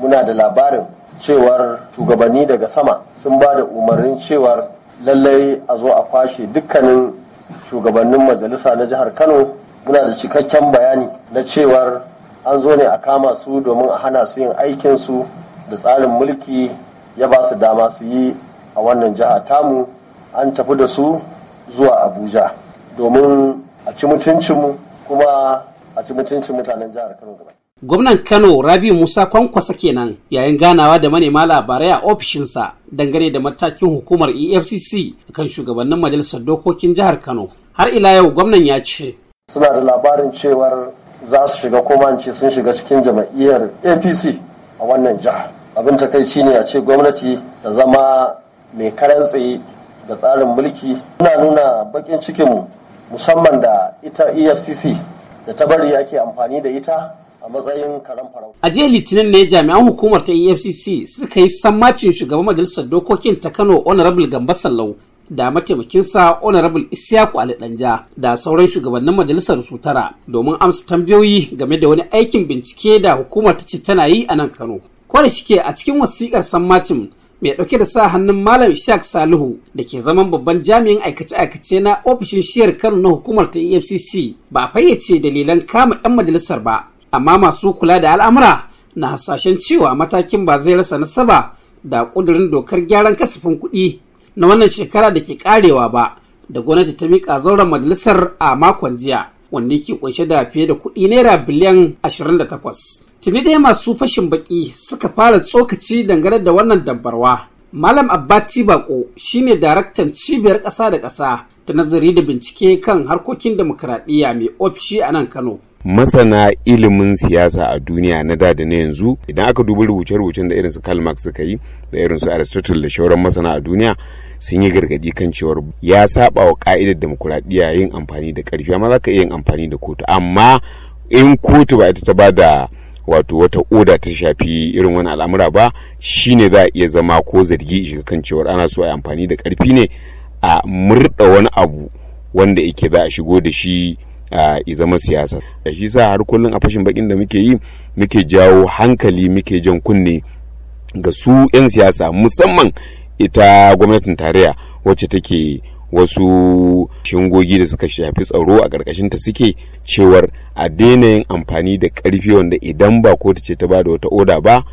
muna da labarin cewar shugabanni daga sama sun ba da umarnin cewar lallai a zo a kwashe dukkanin shugabannin majalisa na jihar kano muna da cikakken bayani na cewar an zo ne a kama su domin a hana su yin aikinsu da tsarin mulki ya ba su dama su yi a wannan jiha tamu an tafi da su zuwa abuja domin a ci mutuncinmu kuma a ci mutuncin mutanen jihar kano Gwamnan Kano Rabi Musa Kwankwasa kenan yayin ganawa da manema labarai a ofishinsa dangane da matakin hukumar EFCC kan shugabannin majalisar dokokin jihar Kano. Har ila yau gwamnan ya ce. Suna da labarin cewar za su shiga koma ce sun shiga cikin jama'iyyar APC a wannan jihar. Abin takaici ne a ce gwamnati ta zama mai karan tsaye da tsarin mulki. suna nuna bakin cikinmu musamman da ita EFCC da ta bari ake amfani da ita a matsayin karan farauta. A jiya Litinin ne jami'an hukumar ta EFCC suka yi sammacin shugaban majalisar dokokin ta Kano Honorable Gambo Sallau da mataimakinsa Honorable Isiyaku Ali Danja da sauran shugabannin majalisar Sutara, domin amsa tambayoyi game da wani aikin bincike da hukumar ta ce tana yi a nan Kano. Ko da shike a cikin wasikar sammacin mai ɗauke da sa hannun Malam Ishaq Salihu da ke zaman babban jami'in aikace-aikace na ofishin shiyar Kano na hukumar ta EFCC ba fayyace dalilan kama 'yan majalisar ba amma masu kula da al'amura na hasashen cewa matakin ba zai rasa nasaba da ƙudurin dokar gyaran kasafin kuɗi na wannan shekara da ke karewa ba da gwamnati ta mika zauren majalisar a makon jiya wanda ke kunshe da fiye da kuɗi naira biliyan 28. Tuni dai masu fashin baki suka fara tsokaci dangane da wannan dabbarwa. Malam Abbati Bako shine daraktan cibiyar ƙasa da ƙasa ta nazari da bincike kan harkokin demokuraɗiyya mai ofishi a nan Kano. masana ilimin siyasa a duniya na da da na yanzu idan aka duba rubuce-rubucen da irinsu su Karl Marx suka yi da irin su Aristotle da shauran masana a duniya sun yi gargadi kan cewar ya saba wa ka'idar demokuraɗiyya yin amfani da ƙarfi amma za ka iya yin amfani da kotu amma in kotu ba ita ta ba da wato wata oda ta shafi irin wani al'amura ba shine za a iya zama ko zargi shiga kan cewar ana so a yi amfani da ƙarfi ne a murɗa wani abu wanda yake za a shigo da shi i zama siyasa da shi sa har kullum a fashin bakin da muke yi muke jawo hankali muke jan kunne ga su 'yan siyasa musamman ita gwamnatin tarayya wacce take wasu shingogi da suka shafi tsaro a ƙarƙashinta suke cewar a daina yin amfani da ƙarfi wanda idan ba kotu ce ta ba da wata oda ba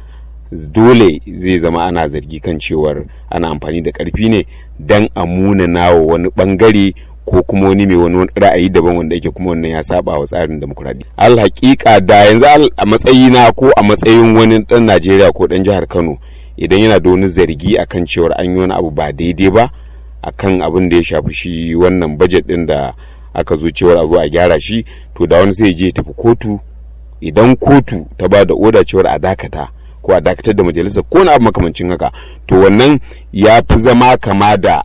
dole zai zama ana zargi kan cewar ana amfani da ƙarfi ne don a muna wa wani ɓangare ko kuma wani mai wani ra'ayi daban wanda yake kuma wannan ya saba wa tsarin al alhakika da yanzu a matsayi na ko a matsayin wani dan najeriya ko dan jihar kano idan yana da wani zargi akan cewar an yi wani abu ba daidai ba akan abin da ya shafi shi wannan bajet din da aka zo cewar abu a gyara shi to da wani sai je tafi kotu idan kotu ta ba da oda cewar a dakata ko a dakatar da majalisa ko na abu makamancin haka to wannan ya fi zama kama da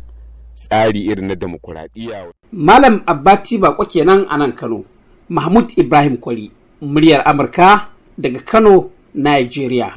tsari irin na demokuraɗiyya. Malam Abbati Bako kenan a nan Kano, Mahmud Ibrahim Kwari, muryar Amurka daga Kano, Nigeria.